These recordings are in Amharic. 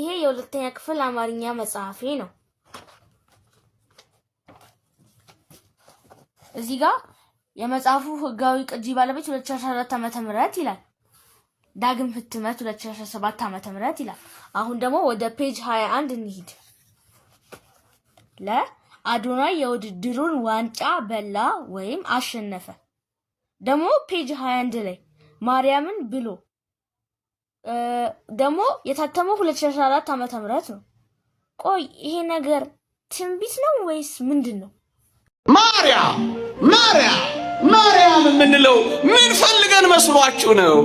ይሄ የሁለተኛ ክፍል አማርኛ መጽሐፌ ነው። እዚህ ጋር የመጽሐፉ ህጋዊ ቅጂ ባለቤት 2014 ዓመተ ምህረት ይላል። ዳግም ህትመት 2017 ዓመተ ምህረት ይላል። አሁን ደግሞ ወደ ፔጅ 21 እንሂድ። ለአዶናይ የውድድሩን ዋንጫ በላ ወይም አሸነፈ። ደግሞ ፔጅ 21 ላይ ማርያምን ብሎ ደግሞ የታተመው 2014 ዓመተ ምህረት ነው። ቆይ ይሄ ነገር ትንቢት ነው ወይስ ምንድን ነው? ማርያም ማርያም ማርያም የምንለው ምን ፈልገን መስሏችሁ ነው?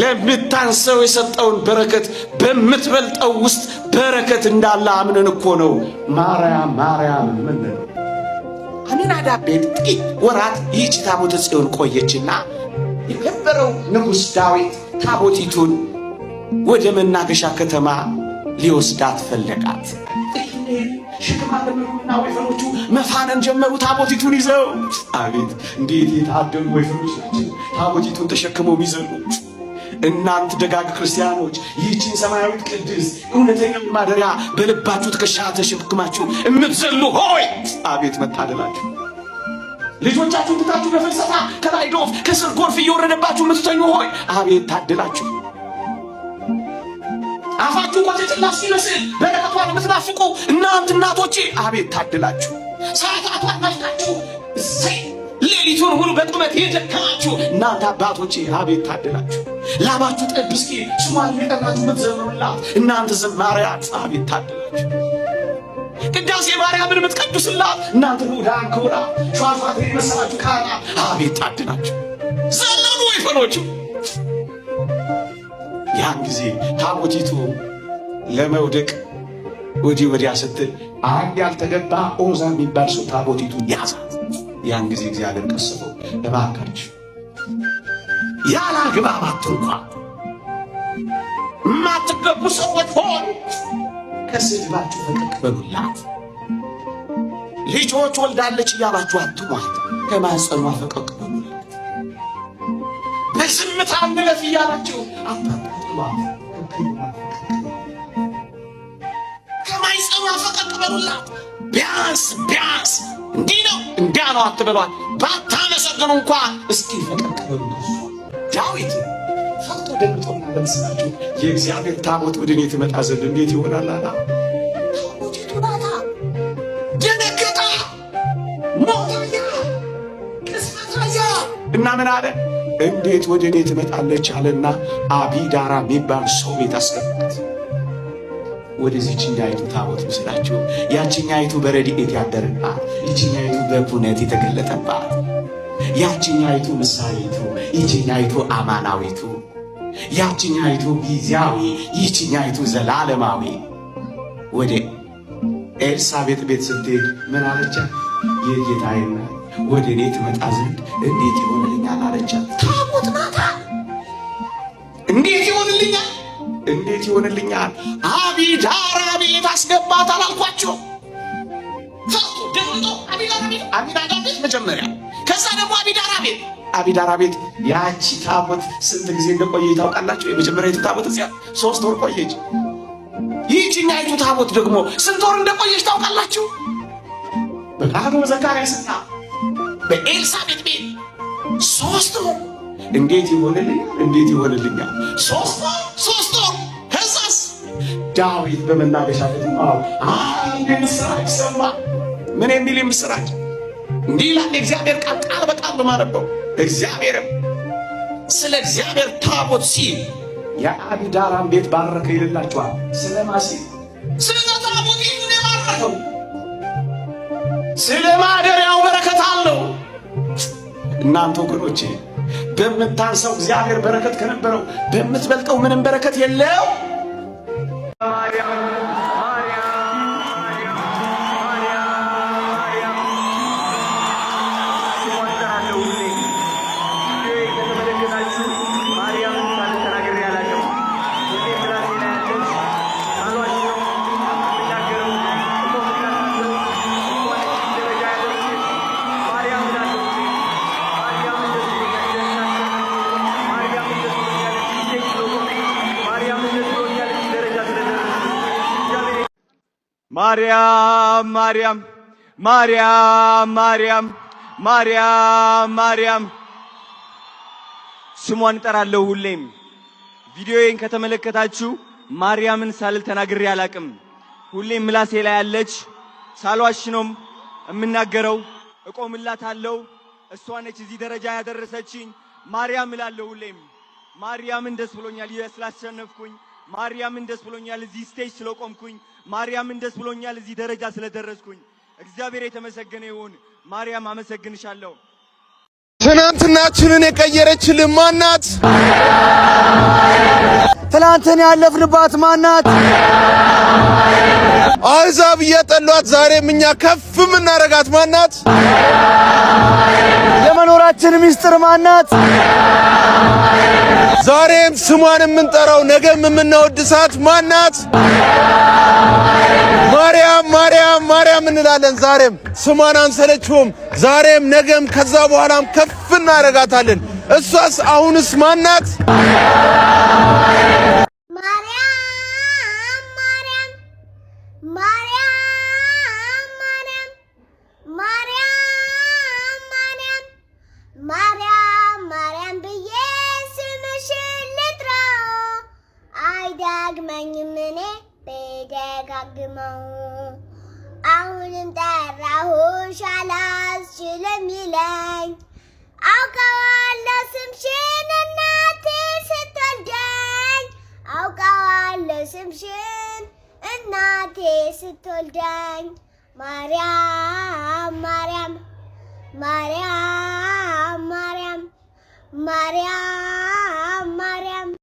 ለምታንሰው የሰጠውን በረከት በምትበልጠው ውስጥ በረከት እንዳለ አምነን እኮ ነው ማርያም ማርያም የምንለው። አሚናዳ ቤት ጥቂት ወራት ይህች ታቦተ ጽዮን ቆየችና የከበረው ንጉሥ ዳዊት ታቦቲቱን ወደ መናገሻ ከተማ ሊወስዳት ፈለጋት። ወይፈኖቹ መፋነን ጀመሩ። ታቦቲቱን ይዘው አቤት እንዴት የታደሉ ወይፈኖች ናቸው! ታቦቲቱን ተሸክመው የሚዘሉ እናንት ደጋግ ክርስቲያኖች ይህችን ሰማያዊት ቅድስት እውነተኛውን ማደሪያ በልባችሁ ትከሻ ተሸክማችሁ የምትዘሉ ሆይ አቤት መታደላችሁ! ልጆቻችሁን ትታችሁ በፍልሰታ ከላይ ዶፍ ከስር ጎርፍ እየወረደባችሁ የምትተኙ ሆይ አቤት ታድላችሁ። አፋችሁ ቆጭጭላ ሲመስል በረከቷን የምትናፍቁ እናንት እናቶቼ አቤት ታድላችሁ። ሰዓታቷን ናፍቃችሁ እሰይ ሌሊቱን ሁሉ በቁመት የደከማችሁ እናንተ አባቶቼ አቤት ታድላችሁ። ላባችሁ ጠብ እስኪ ስሟን የቀራችሁ ምትዘምሩላት እናንተ ዝማሪያት አቤት ታድላችሁ። ቅዳሴ ማርያምን የምትቀድሱላት እናንተ ሁዳን ክቡራ ሸዋፋት የመሰላችሁ ካህና አቤት ጣድ ናቸው። ዘለሉ ወይፈኖቹ። ያን ጊዜ ታቦቲቱ ለመውደቅ ወዲህ ወዲያ ስትል አንድ ያልተገባ ኦዛ የሚባል ሰው ታቦቲቱ ያዛት። ያን ጊዜ እግዚአብሔር ቀስፎ እባካች ያለ አግባብ አትንኳ። የማትገቡ ሰዎች ሆኑ ከስድባችሁ ፈቀቅ በሉላት። ልጆች ወልዳለች እያላችሁ አትሟት፣ ከማኅፀኗ ፈቀቅ በሉላት። በዝምታ አንለፍ እያላችሁ አታጥሏት፣ ከማኅፀኗ ፈቀቅ በሉላት። ቢያንስ ቢያንስ እንዲህ ነው እንዲያ ነው ባታመሰግኑ እንኳ እስኪ ፈቀቅ በሉላት። ዳዊት ፈቅቶ ደንግጦ ለምስላችሁ የእግዚአብሔር ታቦት ወደ እኔ ትመጣ ዘንድ እንዴት ይሆናል? አላ ደነገጣ፣ ሞታያ፣ ቅስፈታያ እና ምን አለ? እንዴት ወደ እኔ ትመጣለች አለና አቢዳራ የሚባል ሰው ቤት አስገባት። ወደዚህ ችኛይቱ ታቦት ምስላችሁ ያችኛይቱ በረድኤት ያደርባት ይችኛይቱ በኩነት የተገለጠባት፣ ያችኛይቱ ምሳሌቱ፣ ይችኛይቱ አማናዊቱ ያችኛይቱ ጊዜያዊ ይችኛይቱ ዘላለማዊ ወደ ኤልሳቤጥ ቤት ስትሄድ ምን አለቻት? የጌታዬ እናት ወደ እኔ ትመጣ ዘንድ እንዴት ይሆንልኛል አለቻት። ታቦት ናታ። እንዴት ይሆንልኛል? እንዴት ይሆንልኛል? አቢዳራ ቤት አስገባት አላልኳቸው? ፈርቶ ደንግጦ አቢዳራ ቤት አቢዳራ ቤት መጀመሪያ፣ ከዛ ደግሞ አቢዳራ ቤት አቢዳራ ቤት ያቺ ታቦት ስንት ጊዜ እንደቆየ ታውቃላችሁ? የመጀመሪያዊቱ ታቦት እዚያ ሶስት ወር ቆየች። ይህችኛይቱ ታቦት ደግሞ ስንት ወር እንደቆየች ታውቃላችሁ? በካህኑ ዘካርያስና በኤልሳቤጥ ቤት ሶስት ወር። እንዴት ይሆንልኛል? እንዴት ይሆንልኛል? ሶስት ወር ሶስት ወር ከዛስ ዳዊት በመናገሻ ቤት አንድ ምስራች ሰማ። ምን የሚል ምስራች እንዲህ ይላል የእግዚአብሔር ቃል። ቃል በቃል በማነበው እግዚአብሔርም ስለ እግዚአብሔር ታቦት ሲል የአቢዳራን ቤት ባረከ ይልላችኋል። ስለ ማሲ ስለ ታቦት ይሁን የባረከው ስለ ማደሪያው በረከት አለው። እናንተ ወገኖቼ በምታንሰው እግዚአብሔር በረከት ከነበረው በምትበልጠው ምንም በረከት የለው። ማርያም ማርያም ማርያም ማርያም ማርያም ማርያም ማርያም ስሟን እጠራለሁ ሁሌም። ቪዲዮዬን ከተመለከታችሁ ማርያምን ሳልል ተናግሬ አላቅም። ሁሌም ምላሴ ላይ ያለች ሳልዋሽ ነው የምናገረው። እቆምላታለሁ። እሷ ነች እዚህ ደረጃ ያደረሰችኝ። ማርያም እላለሁ ሁሌም። ማርያምን ደስ ብሎኛል ስላሸነፍኩኝ። ማርያምን ደስ ብሎኛል እዚህ ስቴጅ ስለቆምኩኝ፣ ማርያምን ደስ ብሎኛል እዚህ ደረጃ ስለደረስኩኝ። እግዚአብሔር የተመሰገነ ይሁን። ማርያም አመሰግንሻለሁ። ትናንትናችንን የቀየረችልን ማናት? ትናንትን ያለፍንባት ማናት? አሕዛብ እየጠሏት ዛሬም እኛ ከፍ የምናረጋት ማናት? የመኖራችን ሚስጥር ማናት? ዛሬም ስሟን የምንጠራው ነገም የምናወድሳት ማናት? ማርያም ማርያም ማርያም እንላለን። ዛሬም ስሟን አንሰለችውም። ዛሬም ነገም፣ ከዛ በኋላም ከፍ እናደርጋታለን። እሷስ አሁንስ ማናት? ማርያም ማርያም ደጋግመው አሁንም ጠራሁሽ አላስችልም ይለኝ አውቀዋለሁ ስምሽን እናቴ ስትወልደኝ አውቀዋለሁ ስምሽን እናቴ ስትወልደኝ ማርያም ማርያም ማርያም ማርያም ማርያም